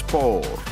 ስፖርት።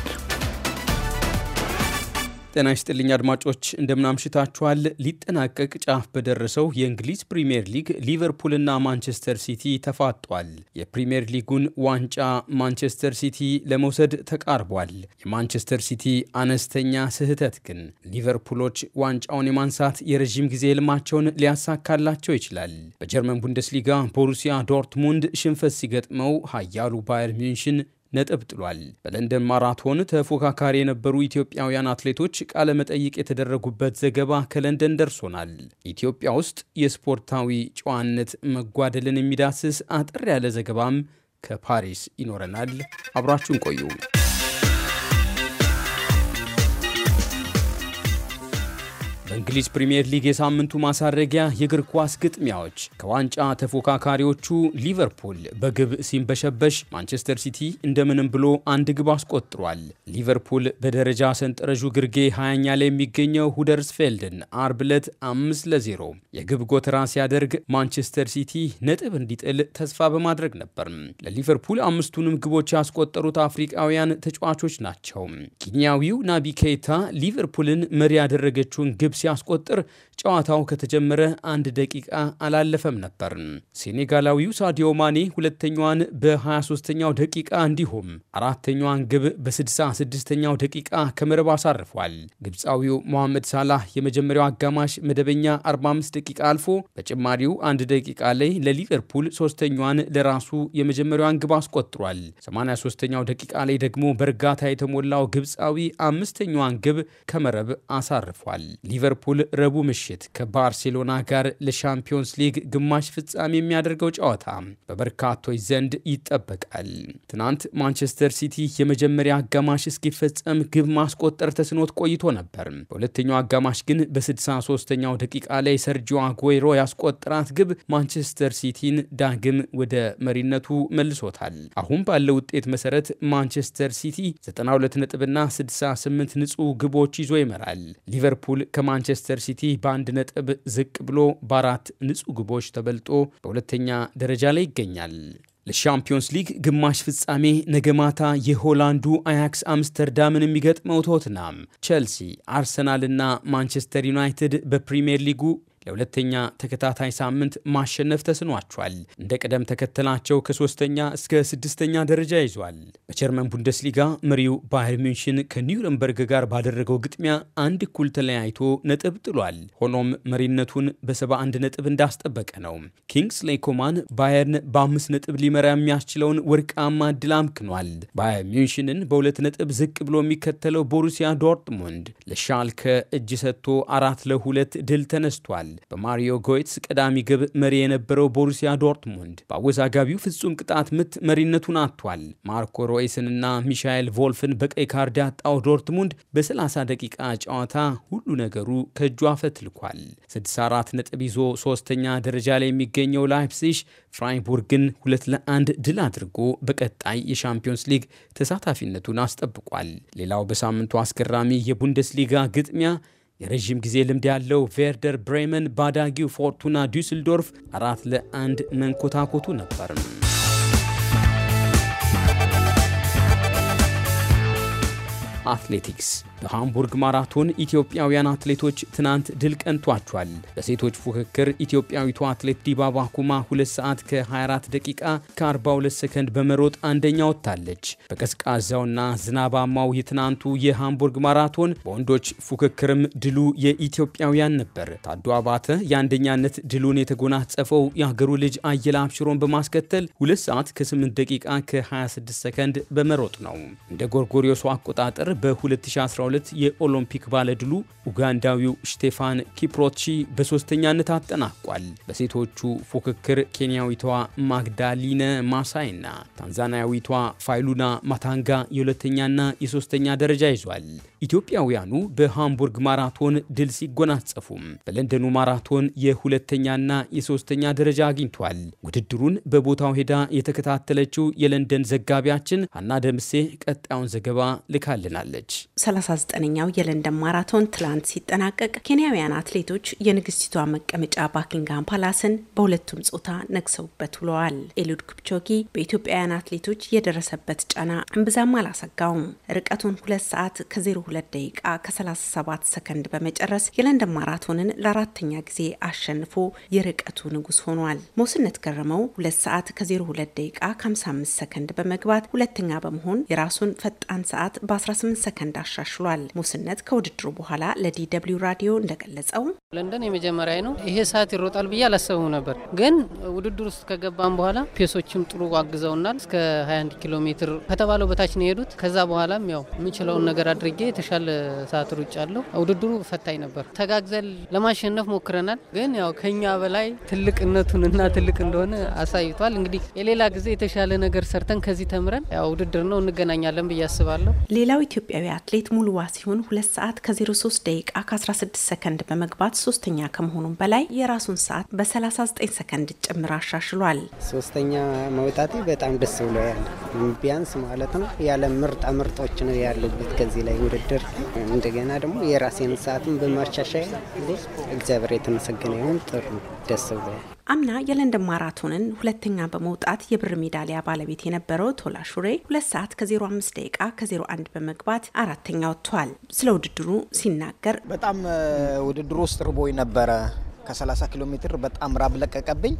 ጤና ይስጥልኝ አድማጮች፣ እንደምናምሽታችኋል። ሊጠናቀቅ ጫፍ በደረሰው የእንግሊዝ ፕሪምየር ሊግ ሊቨርፑልና ማንቸስተር ሲቲ ተፋጧል። የፕሪምየር ሊጉን ዋንጫ ማንቸስተር ሲቲ ለመውሰድ ተቃርቧል። የማንቸስተር ሲቲ አነስተኛ ስህተት ግን ሊቨርፑሎች ዋንጫውን የማንሳት የረዥም ጊዜ ህልማቸውን ሊያሳካላቸው ይችላል። በጀርመን ቡንደስሊጋ ቦሩሲያ ዶርትሙንድ ሽንፈት ሲገጥመው ኃያሉ ባየር ሚንሽን ነጥብ ጥሏል። በለንደን ማራቶን ተፎካካሪ የነበሩ ኢትዮጵያውያን አትሌቶች ቃለመጠይቅ የተደረጉበት ዘገባ ከለንደን ደርሶናል። ኢትዮጵያ ውስጥ የስፖርታዊ ጨዋነት መጓደልን የሚዳስስ አጠር ያለ ዘገባም ከፓሪስ ይኖረናል። አብራችሁን ቆዩ። በእንግሊዝ ፕሪምየር ሊግ የሳምንቱ ማሳረጊያ የእግር ኳስ ግጥሚያዎች ከዋንጫ ተፎካካሪዎቹ ሊቨርፑል በግብ ሲንበሸበሽ፣ ማንቸስተር ሲቲ እንደምንም ብሎ አንድ ግብ አስቆጥሯል። ሊቨርፑል በደረጃ ሰንጠረዡ ግርጌ ሀያኛ ላይ የሚገኘው ሁደርስፌልድን አርብ ዕለት ለዜሮ የግብ ጎተራ ሲያደርግ ማንቸስተር ሲቲ ነጥብ እንዲጥል ተስፋ በማድረግ ነበር። ለሊቨርፑል አምስቱንም ግቦች ያስቆጠሩት አፍሪቃውያን ተጫዋቾች ናቸው። ኬንያዊው ናቢ ኬይታ ሊቨርፑልን መሪ ያደረገችውን ግብ ሲያስቆጥር ጨዋታው ከተጀመረ አንድ ደቂቃ አላለፈም ነበር። ሴኔጋላዊው ሳዲዮ ማኔ ሁለተኛዋን በ23ኛው ደቂቃ እንዲሁም አራተኛዋን ግብ በ66ኛው ደቂቃ ከመረብ አሳርፏል። ግብፃዊው መሐመድ ሳላህ የመጀመሪያው አጋማሽ መደበኛ 45 ደቂቃ አልፎ በጭማሪው አንድ ደቂቃ ላይ ለሊቨርፑል ሶስተኛዋን ለራሱ የመጀመሪያዋን ግብ አስቆጥሯል። 83ኛው ደቂቃ ላይ ደግሞ በእርጋታ የተሞላው ግብፃዊ አምስተኛዋን ግብ ከመረብ አሳርፏል። ሊቨርፑል ረቡዕ ምሽት ከባርሴሎና ጋር ለሻምፒዮንስ ሊግ ግማሽ ፍጻሜ የሚያደርገው ጨዋታ በበርካቶች ዘንድ ይጠበቃል። ትናንት ማንቸስተር ሲቲ የመጀመሪያ አጋማሽ እስኪፈጸም ግብ ማስቆጠር ተስኖት ቆይቶ ነበር። በሁለተኛው አጋማሽ ግን በ63ኛው ደቂቃ ላይ ሰርጂዮ አጎይሮ ያስቆጠራት ግብ ማንቸስተር ሲቲን ዳግም ወደ መሪነቱ መልሶታል። አሁን ባለው ውጤት መሰረት ማንቸስተር ሲቲ 92 ነጥብና 68 ንጹህ ግቦች ይዞ ይመራል። ሊቨርፑል ከማ ማንቸስተር ሲቲ በአንድ ነጥብ ዝቅ ብሎ በአራት ንጹህ ግቦች ተበልጦ በሁለተኛ ደረጃ ላይ ይገኛል። ለሻምፒዮንስ ሊግ ግማሽ ፍጻሜ ነገ ማታ የሆላንዱ አያክስ አምስተርዳምን የሚገጥመው ቶትናም፣ ቸልሲ፣ አርሰናልና ማንቸስተር ዩናይትድ በፕሪምየር ሊጉ ለሁለተኛ ተከታታይ ሳምንት ማሸነፍ ተስኗቸዋል። እንደ ቅደም ተከተላቸው ከሶስተኛ እስከ ስድስተኛ ደረጃ ይዟል። በጀርመን ቡንደስሊጋ መሪው ባየር ሚንሽን ከኒውረምበርግ ጋር ባደረገው ግጥሚያ አንድ እኩል ተለያይቶ ነጥብ ጥሏል። ሆኖም መሪነቱን በ71 ነጥብ እንዳስጠበቀ ነው። ኪንግስሌይ ኮማን ባየርን በአምስት ነጥብ ሊመራ የሚያስችለውን ወርቃማ እድል አምክኗል። ባየር ሚንሽንን በሁለት ነጥብ ዝቅ ብሎ የሚከተለው ቦሩሲያ ዶርትሙንድ ለሻልከ እጅ ሰጥቶ አራት ለሁለት ድል ተነስቷል። ተመልክተናል። በማሪዮ ጎይትስ ቀዳሚ ግብ መሪ የነበረው ቦሩሲያ ዶርትሙንድ በአወዛጋቢው ፍጹም ቅጣት ምት መሪነቱን አጥቷል። ማርኮ ሮይስንና ሚሻኤል ቮልፍን በቀይ ካርድ ያጣው ዶርትሙንድ በ30 ደቂቃ ጨዋታ ሁሉ ነገሩ ከእጁ አፈትልኳል። 64 ነጥብ ይዞ ሶስተኛ ደረጃ ላይ የሚገኘው ላይፕሲሽ ፍራይቡርግን ሁለት ለአንድ ድል አድርጎ በቀጣይ የሻምፒዮንስ ሊግ ተሳታፊነቱን አስጠብቋል። ሌላው በሳምንቱ አስገራሚ የቡንደስሊጋ ግጥሚያ የረዥም ጊዜ ልምድ ያለው ቬርደር ብሬመን ባዳጊው ፎርቱና ዱስልዶርፍ አራት ለአንድ መንኮታኮቱ ነበር። አትሌቲክስ በሃምቡርግ ማራቶን ኢትዮጵያውያን አትሌቶች ትናንት ድል ቀንቷቸዋል። በሴቶች ፉክክር ኢትዮጵያዊቷ አትሌት ዲባባ ኩማ 2 ሰዓት ከ24 ደቂቃ ከ42 ሰከንድ በመሮጥ አንደኛ ወጥታለች። በቀዝቃዛውና ዝናባማው የትናንቱ የሃምቡርግ ማራቶን በወንዶች ፉክክርም ድሉ የኢትዮጵያውያን ነበር። ታዱ አባተ የአንደኛነት ድሉን የተጎናጸፈው የአገሩ ልጅ አየላ አብሽሮን በማስከተል 2 ሰዓት ከ8 ደቂቃ ከ26 ሰከንድ በመሮጥ ነው። እንደ ጎርጎሪዮሱ አቆጣጠር በ2012 የኦሎምፒክ ባለድሉ ኡጋንዳዊው ሽቴፋን ኪፕሮቺ በሦስተኛነት አጠናቋል። በሴቶቹ ፉክክር ኬንያዊቷ ማግዳሊነ ማሳይና ታንዛኒያዊቷ ፋይሉና ማታንጋ የሁለተኛና የሦስተኛ ደረጃ ይዟል። ኢትዮጵያውያኑ በሃምቡርግ ማራቶን ድል ሲጎናጸፉም በለንደኑ ማራቶን የሁለተኛና የሶስተኛ ደረጃ አግኝቷል። ውድድሩን በቦታው ሄዳ የተከታተለችው የለንደን ዘጋቢያችን አና ደምሴ ቀጣዩን ዘገባ ልካልናል። ትገኛለች። 39ኛው የለንደን ማራቶን ትላንት ሲጠናቀቅ ኬንያውያን አትሌቶች የንግስቲቷ መቀመጫ ባኪንግሃም ፓላስን በሁለቱም ጾታ ነግሰውበት ውለዋል። ኤሉድ ኩፕቾጊ በኢትዮጵያውያን አትሌቶች የደረሰበት ጫና እምብዛም አላሰጋውም። ርቀቱን ሁለት ሰዓት ከ02 ደቂቃ ከ37 ሰከንድ በመጨረስ የለንደን ማራቶንን ለአራተኛ ጊዜ አሸንፎ የርቀቱ ንጉስ ሆኗል። ሞስነት ገረመው ሁለት ሰዓት ከ02 ደቂቃ ከ55 ሰከንድ በመግባት ሁለተኛ በመሆን የራሱን ፈጣን ሰዓት በ18 ሂደቱን ሰከንድ አሻሽሏል። ሙስነት ከውድድሩ በኋላ ለዲደብሊው ራዲዮ እንደገለጸው ለንደን የመጀመሪያ ነው። ይሄ ሰዓት ይሮጣል ብዬ አላሰብም ነበር፣ ግን ውድድር ውስጥ ከገባም በኋላ ፔሶችም ጥሩ አግዘውናል። እስከ 21 ኪሎ ሜትር ከተባለው በታች ነው የሄዱት። ከዛ በኋላም ያው የምችለውን ነገር አድርጌ የተሻለ ሰዓት ሩጫ አለው። ውድድሩ ፈታኝ ነበር። ተጋግዘን ለማሸነፍ ሞክረናል፣ ግን ያው ከኛ በላይ ትልቅነቱን እና ትልቅ እንደሆነ አሳይቷል። እንግዲህ የሌላ ጊዜ የተሻለ ነገር ሰርተን ከዚህ ተምረን ያው ውድድር ነው እንገናኛለን ብዬ አስባለሁ። ሌላው ኢትዮጵያዊ አትሌት ሙሉዋ ሲሆን ሁለት ሰዓት ከ03 ደቂቃ ከ16 ሰከንድ በመግባት ሶስተኛ ከመሆኑም በላይ የራሱን ሰዓት በ39 ሰከንድ ጭምር አሻሽሏል። ሶስተኛ መውጣቴ በጣም ደስ ብሎ ያለ ቢያንስ ማለት ነው ያለ ምርጣ ምርጦች ነው ያሉበት ከዚህ ላይ ውድድር እንደገና ደግሞ የራሴን ሰዓትን በማሻሻያ እግዚአብሔር የተመሰገነ ይሁን። ጥሩ ደስ ብሎ አምና የለንደን ማራቶንን ሁለተኛ በመውጣት የብር ሜዳሊያ ባለቤት የነበረው ቶላ ሹሬ ሁለት ሰዓት ከ05 ደቂቃ ከ01 በመግባት አራተኛ ወጥቷል። ስለ ውድድሩ ሲናገር በጣም ውድድሩ ውስጥ ርቦኝ ነበረ። ከ30 ኪሎ ሜትር በጣም ራብ ለቀቀብኝ።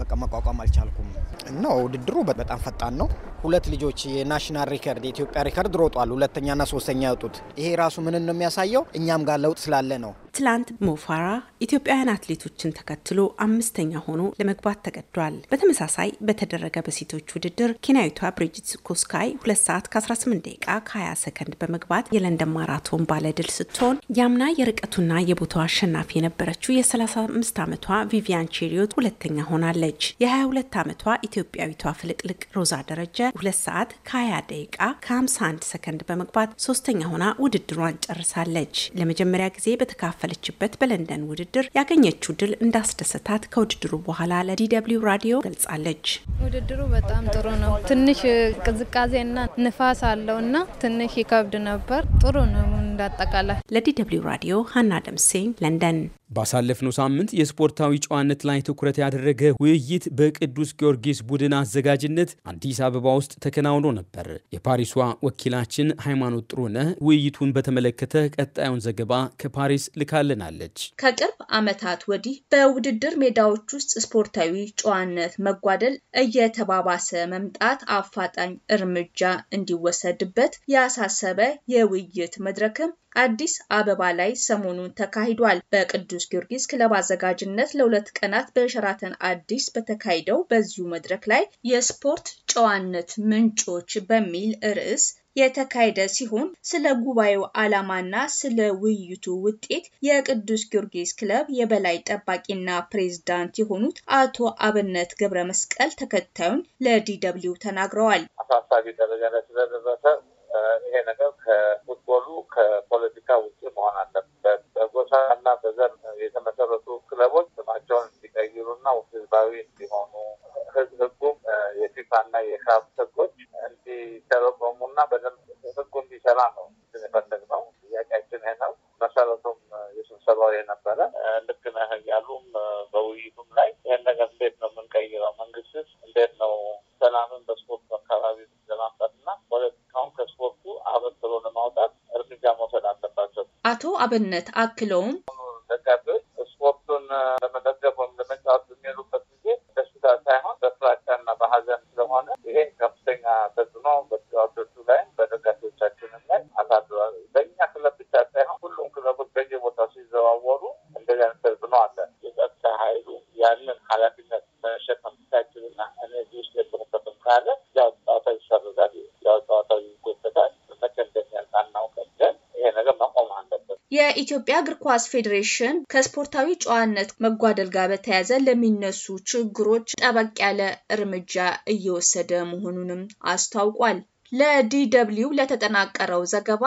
በቃ መቋቋም አልቻልኩም እና ውድድሩ በጣም ፈጣን ነው። ሁለት ልጆች የናሽናል ሪከርድ የኢትዮጵያ ሪከርድ ሮጧል፣ ሁለተኛና ሶስተኛ ያወጡት። ይሄ ራሱ ምንን ነው የሚያሳየው? እኛም ጋር ለውጥ ስላለ ነው። ትላንት ሞፋራ ኢትዮጵያውያን አትሌቶችን ተከትሎ አምስተኛ ሆኖ ለመግባት ተገዷል። በተመሳሳይ በተደረገ በሴቶች ውድድር ኬንያዊቷ ብሪጅት ኮስካይ 2 ሰዓት ከ18 ደቂቃ ከ20 ሰከንድ በመግባት የለንደን ማራቶን ባለድል ስትሆን ያምና የርቀቱና የቦታው አሸናፊ የነበረችው የ35 ዓመቷ ቪቪያን ቼሪዮት ሁለተኛ ሆናለች። ትገኛለች። የ22 ዓመቷ ኢትዮጵያዊቷ ፍልቅልቅ ሮዛ ደረጀ 2 ሰዓት ከ20 ደቂቃ ከ51 ሰከንድ በመግባት ሶስተኛ ሆና ውድድሯን ጨርሳለች። ለመጀመሪያ ጊዜ በተካፈለችበት በለንደን ውድድር ያገኘችው ድል እንዳስደሰታት ከውድድሩ በኋላ ለዲደብሊው ራዲዮ ገልጻለች። ውድድሩ በጣም ጥሩ ነው። ትንሽ ቅዝቃዜና ንፋስ አለውና ትንሽ ይከብድ ነበር። ጥሩ ነው። እንዳጠቃላይ ለዲደብሊው ራዲዮ ሀና ደምሴ ለንደን። ባሳለፍነው ሳምንት የስፖርታዊ ጨዋነት ላይ ትኩረት ያደረገ ውይይት በቅዱስ ጊዮርጊስ ቡድን አዘጋጅነት አዲስ አበባ ውስጥ ተከናውኖ ነበር። የፓሪሷ ወኪላችን ሃይማኖት ጥሩነህ ውይይቱን በተመለከተ ቀጣዩን ዘገባ ከፓሪስ ልካልናለች። ከቅርብ ዓመታት ወዲህ በውድድር ሜዳዎች ውስጥ ስፖርታዊ ጨዋነት መጓደል እየተባባሰ መምጣት አፋጣኝ እርምጃ እንዲወሰድበት ያሳሰበ የውይይት መድረክ ውድድርም አዲስ አበባ ላይ ሰሞኑን ተካሂዷል። በቅዱስ ጊዮርጊስ ክለብ አዘጋጅነት ለሁለት ቀናት በሸራተን አዲስ በተካሄደው በዚሁ መድረክ ላይ የስፖርት ጨዋነት ምንጮች በሚል ርዕስ የተካሄደ ሲሆን ስለ ጉባኤው ዓላማና ስለ ውይይቱ ውጤት የቅዱስ ጊዮርጊስ ክለብ የበላይ ጠባቂና ፕሬዝዳንት የሆኑት አቶ አብነት ገብረ መስቀል ተከታዩን ለዲደብሊው ተናግረዋል። አሳሳቢ ደረጃ ላይ ስለደረሰ ይሄ ነገር ከፉትቦሉ ከፖለቲካ ውጭ መሆን አለበት። በጎሳ እና በዘር የተመሰረቱ ክለቦች ስማቸውን እንዲቀይሩ እንዲቀይሩና ህዝባዊ እንዲሆኑ ህጉም የፊፋና የካፍ ህጎች እንዲተረጎሙና በደንብ ህጉ እንዲሰራ ነው የፈለግነው። ጥያቄያችን ይሄ ነው። መሰረቱም የስብሰባው የነበረ ልክ ነህ qabel nitqakkilhom የኢትዮጵያ እግር ኳስ ፌዴሬሽን ከስፖርታዊ ጨዋነት መጓደል ጋር በተያያዘ ለሚነሱ ችግሮች ጠበቅ ያለ እርምጃ እየወሰደ መሆኑንም አስታውቋል። ለዲ ደብልዩ ለተጠናቀረው ዘገባ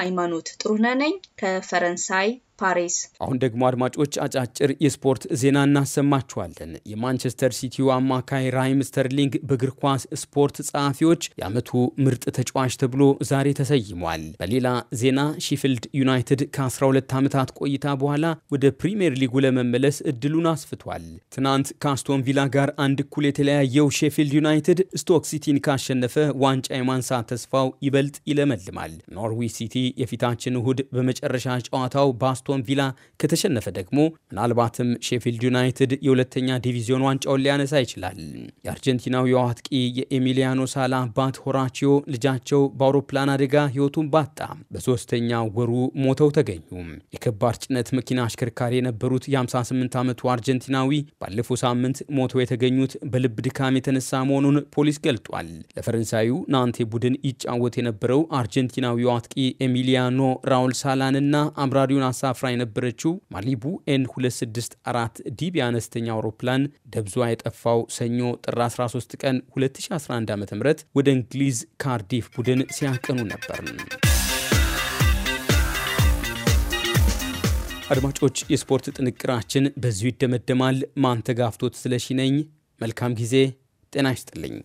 ሃይማኖት ጥሩነህ ነኝ ከፈረንሳይ ፓሪስ። አሁን ደግሞ አድማጮች አጫጭር የስፖርት ዜና እናሰማችኋለን። የማንቸስተር ሲቲው አማካይ ራይም ስተርሊንግ በእግር ኳስ ስፖርት ጸሐፊዎች የዓመቱ ምርጥ ተጫዋች ተብሎ ዛሬ ተሰይሟል። በሌላ ዜና ሺፊልድ ዩናይትድ ከ12 ዓመታት ቆይታ በኋላ ወደ ፕሪምየር ሊጉ ለመመለስ እድሉን አስፍቷል። ትናንት ከአስቶን ቪላ ጋር አንድ እኩል የተለያየው ሼፊልድ ዩናይትድ ስቶክ ሲቲን ካሸነፈ ዋንጫ የማንሳት ተስፋው ይበልጥ ይለመልማል። ኖርዊች ሲቲ የፊታችን እሁድ በመጨረሻ ጨዋታው በአስቶ አስቶን ቪላ ከተሸነፈ ደግሞ ምናልባትም ሼፊልድ ዩናይትድ የሁለተኛ ዲቪዚዮን ዋንጫውን ሊያነሳ ይችላል። የአርጀንቲናው የውሃ የኤሚሊያኖ ሳላ አባት ሆራቺዮ ልጃቸው በአውሮፕላን አደጋ ሕይወቱን ባጣ በሶስተኛ ወሩ ሞተው ተገኙ። የከባድ ጭነት መኪና አሽከርካሪ የነበሩት የ58 ዓመቱ አርጀንቲናዊ ባለፈው ሳምንት ሞተው የተገኙት በልብ ድካም የተነሳ መሆኑን ፖሊስ ገልጧል። ለፈረንሳዩ ናንቴ ቡድን ይጫወት የነበረው አርጀንቲናዊው አጥቂ ኤሚሊያኖ ራውል ሳላንና አምራሪውን አሳፍ አፍራ የነበረችው ማሊቡ ኤን 264 ዲቢ አነስተኛ አውሮፕላን ደብዟ የጠፋው ሰኞ ጥር 13 ቀን 2011 ዓ ም ወደ እንግሊዝ ካርዲፍ ቡድን ሲያቀኑ ነበር። አድማጮች፣ የስፖርት ጥንቅራችን በዚሁ ይደመደማል። ማንተጋፍቶት ስለሺ ነኝ። መልካም ጊዜ። ጤና ይስጥልኝ።